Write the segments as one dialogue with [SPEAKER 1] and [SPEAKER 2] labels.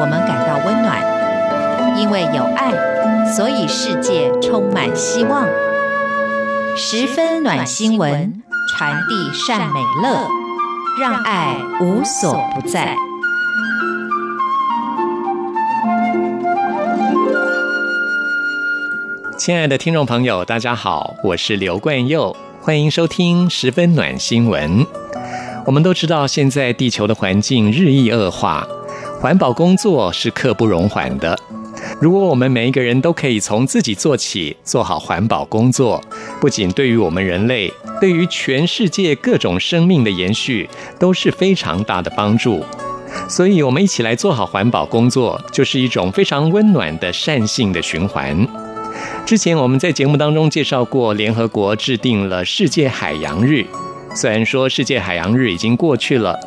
[SPEAKER 1] 我們感到溫暖，因為有愛，所以世界充滿希望。十分暖新聞，傳遞善美樂，讓愛無所不在。親愛的聽眾朋友，大家好，我是劉冠佑，歡迎收聽《十分暖新聞》。我們都知道，現在地球的環境日益惡化。環保工作是刻不容緩的。如果我們每一個人都可以從自己做起，做好環保工作，不僅對於我們人類，對於全世界各種生命的延續都是非常大的幫助。所以，我們一起來做好環保工作，就是一種非常溫暖的善性的循環。之前我們在節目當中介紹過，聯合國制定了世界海洋日。雖然說世界海洋日已經過去了。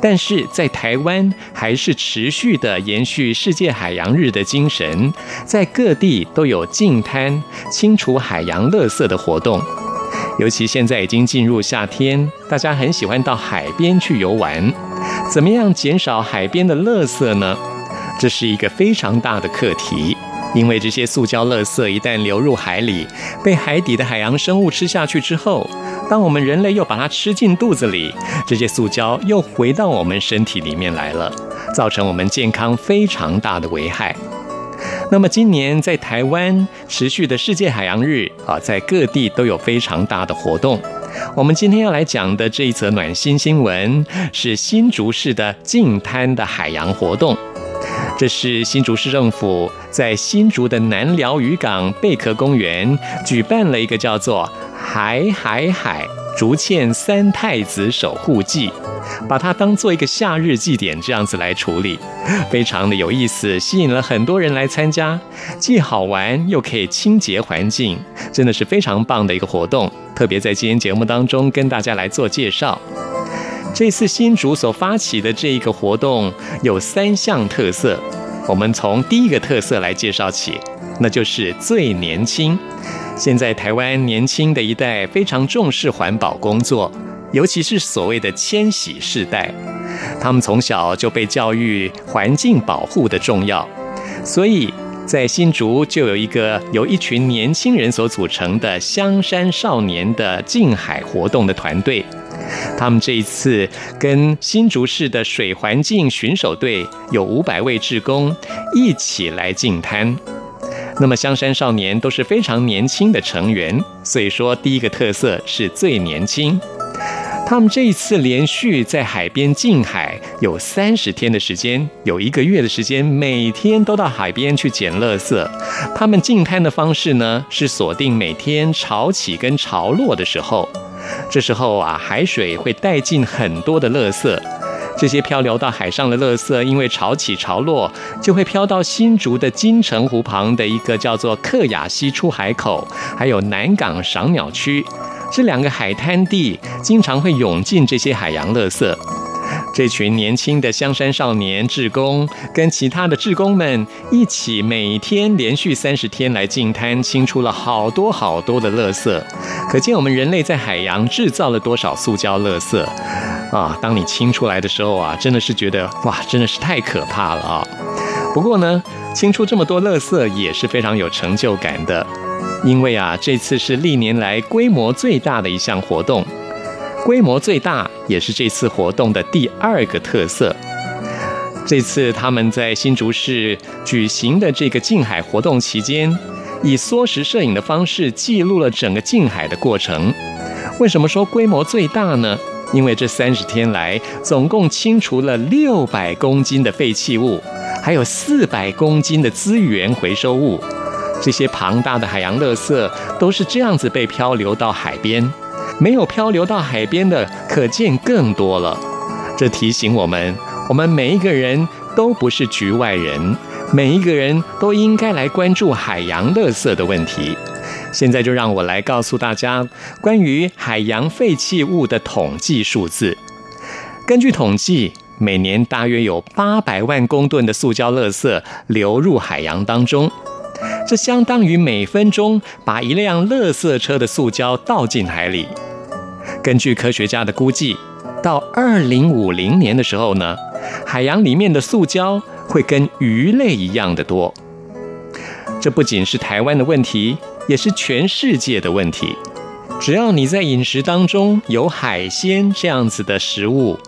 [SPEAKER 1] 但是在台灣還是持續地延續世界海洋日的精神，在各地都有淨灘清除海洋垃圾的活動。尤其現在已經進入夏天，大家很喜歡到海邊去遊玩。怎麼樣減少海邊的垃圾呢？這是一個非常大的課題，因為這些塑膠垃圾一旦流入海裡，被海底的海洋生物吃下去之後。當我們人類又把它吃進肚子裡，這些塑膠又回到我們身體裡面來了，造成我們健康非常大的危害。那麼今年在台灣持續的世界海洋日啊，在各地都有非常大的活動。我們今天要來講的這一則暖心新聞，是新竹市的淨灘的海洋活動。這是新竹市政府在新竹的南寮漁港貝殼公園舉辦了一個叫做，海海海，竹塹三太子守護祭，把它當做一個夏日祭典這樣子來處理，非常的有意思，吸引了很多人來參加，既好玩又可以清潔環境，真的是非常棒的一個活動。特別在今天節目當中跟大家來做介紹，這次新竹所發起的這一個活動有三項特色，我們從第一個特色來介紹起，那就是最年輕。現在台灣年輕的一代非常重視環保工作，尤其是所謂的千禧世代，他們從小就被教育環境保護的重要，所以在新竹就有一個由一群年輕人所組成的香山少年的淨海活動的團隊，他們這一次跟新竹市的水環境巡守隊有五百位志工一起來淨灘。那麼香山少年都是非常年輕的成員，所以說第一個特色是最年輕。他們這一次連續在海邊近海有三十天的時間，有一個月的時間，每天都到海邊去撿垃圾。他們淨灘的方式呢，是鎖定每天潮起跟潮落的時候，這時候啊，海水會帶進很多的垃圾。這些漂流到海上的垃圾，因為潮起潮落，就會漂到新竹的金城湖旁的一個叫做客雅溪出海口，還有南港賞鳥區這兩個海灘地，經常會湧進這些海洋垃圾。這群年輕的香山少年志工，跟其他的志工們一起，每天連續三十天來淨灘，清出了好多好多的垃圾。可見我們人類在海洋制造了多少塑膠垃圾。啊，當你清出來的時候啊，真的是覺得哇，真的是太可怕了啊！不過呢，清出這麼多垃圾也是非常有成就感的，因為啊，這次是歷年來規模最大的一項活動，規模最大也是這次活動的第二個特色。這次他們在新竹市舉行的這個淨海活動期間，以縮時攝影的方式記錄了整個淨海的過程。為什麼說規模最大呢？因為這三十天來，總共清除了六百公斤的廢棄物，還有四百公斤的資源回收物。這些龐大的海洋垃圾都是這樣子被漂流到海邊，沒有漂流到海邊的，可見更多了。這提醒我們，我們每一個人都不是局外人。每一個人都應該來關注海洋垃圾的問題。現在就讓我來告訴大家關於海洋廢棄物的統計數字。根據統計，每年大約有八百萬公噸的塑膠垃圾流入海洋當中，這相當於每分鐘把一輛垃圾車的塑膠倒進海裡。根據科學家的估計，到二零五零年的時候呢，海洋裡面的塑膠。會跟魚類一樣的多，這不僅是台灣的問題，也是全世界的問題。只要你在飲食當中有海鮮這樣子的食物，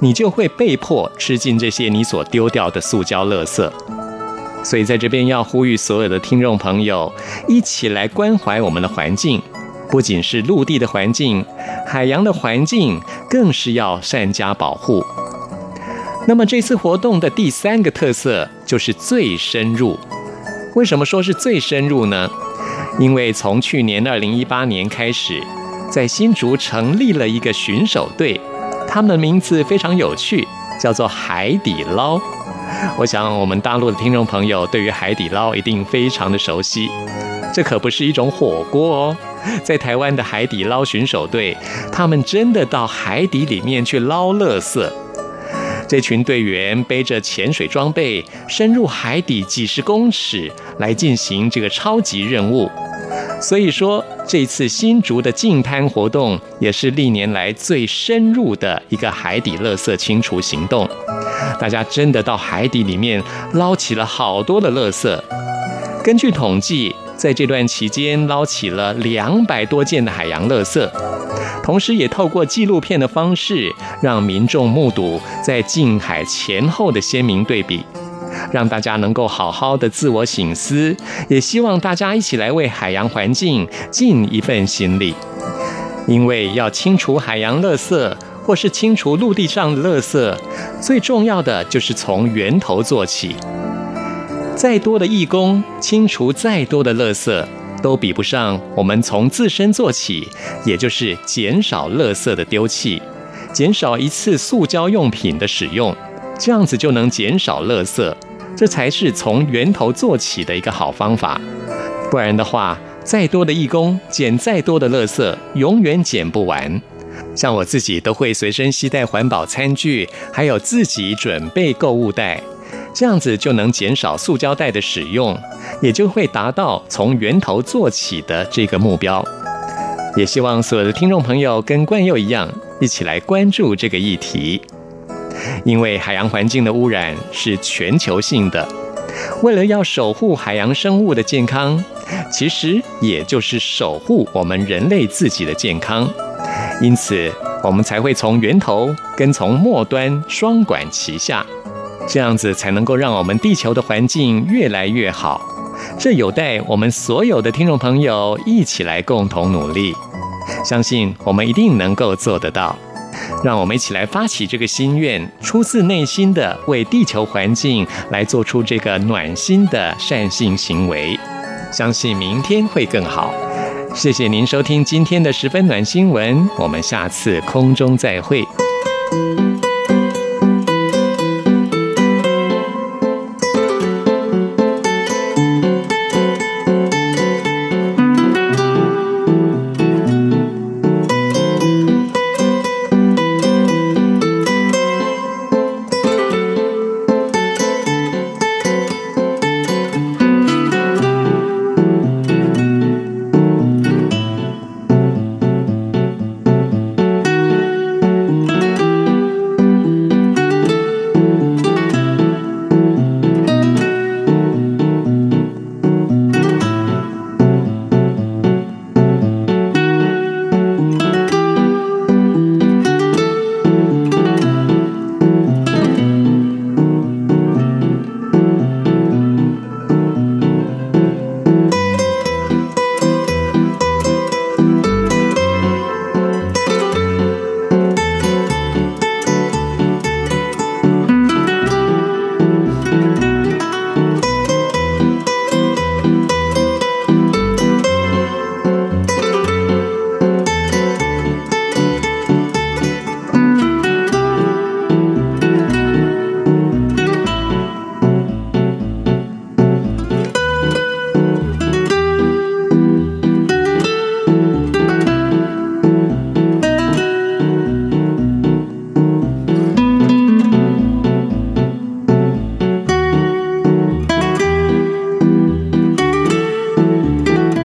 [SPEAKER 1] 你就會被迫吃進這些你所丟掉的塑膠垃圾。所以在這邊要呼籲所有的聽眾朋友，一起來關懷我們的環境，不僅是陸地的環境，海洋的環境更是要善加保護。那麼這次活動的第三個特色就是最深入。為什麼說是最深入呢？因為從去年二零一八年開始，在新竹成立了一個巡守隊，他們的名字非常有趣，叫做海底撈。我想我們大陸的聽眾朋友對於海底撈一定非常的熟悉。這可不是一種火鍋哦，在台灣的海底撈巡守隊，他們真的到海底裡面去撈垃圾。這群隊員背着潛水裝備，深入海底幾十公尺來進行這個超級任務。所以說，這次新竹的淨灘活動也是歷年來最深入的一個海底垃圾清除行動。大家真的到海底裡面撈起了好多的垃圾。根據統計，在這段期間撈起了兩百多件的海洋垃圾。同時，也透過紀錄片的方式，讓民眾目睹在近海前後的鮮明對比，讓大家能夠好好的自我省思。也希望大家一起來為海洋環境盡一份心力，因為要清除海洋垃圾，或是清除陸地上的垃圾，最重要的就是從源頭做起。再多的義工清除再多的垃圾。都比不上我們從自身做起，也就是減少垃圾的丟棄，減少一次塑膠用品的使用，這樣子就能減少垃圾。這才是從源頭做起的一個好方法。不然的話，再多的義工，撿再多的垃圾，永遠撿不完。像我自己都會隨身攜帶環保餐具，還有自己準備購物袋。這樣子就能減少塑膠袋的使用，也就會達到從源頭做起的這個目標。也希望所有的聽眾朋友跟冠佑一樣，一起來關注這個議題，因為海洋環境的汙染是全球性的。為了要守護海洋生物的健康，其實也就是守護我們人類自己的健康。因此，我們才會從源頭跟從末端雙管齊下。這樣子才能夠讓我們地球的環境越來越好，這有待我們所有的聽眾朋友一起來共同努力。相信我們一定能夠做得到，讓我們一起來發起這個心願，出自內心的為地球環境來做出這個暖心的善性行為。相信明天會更好。謝謝您收聽今天的十分暖新聞，我們下次空中再會。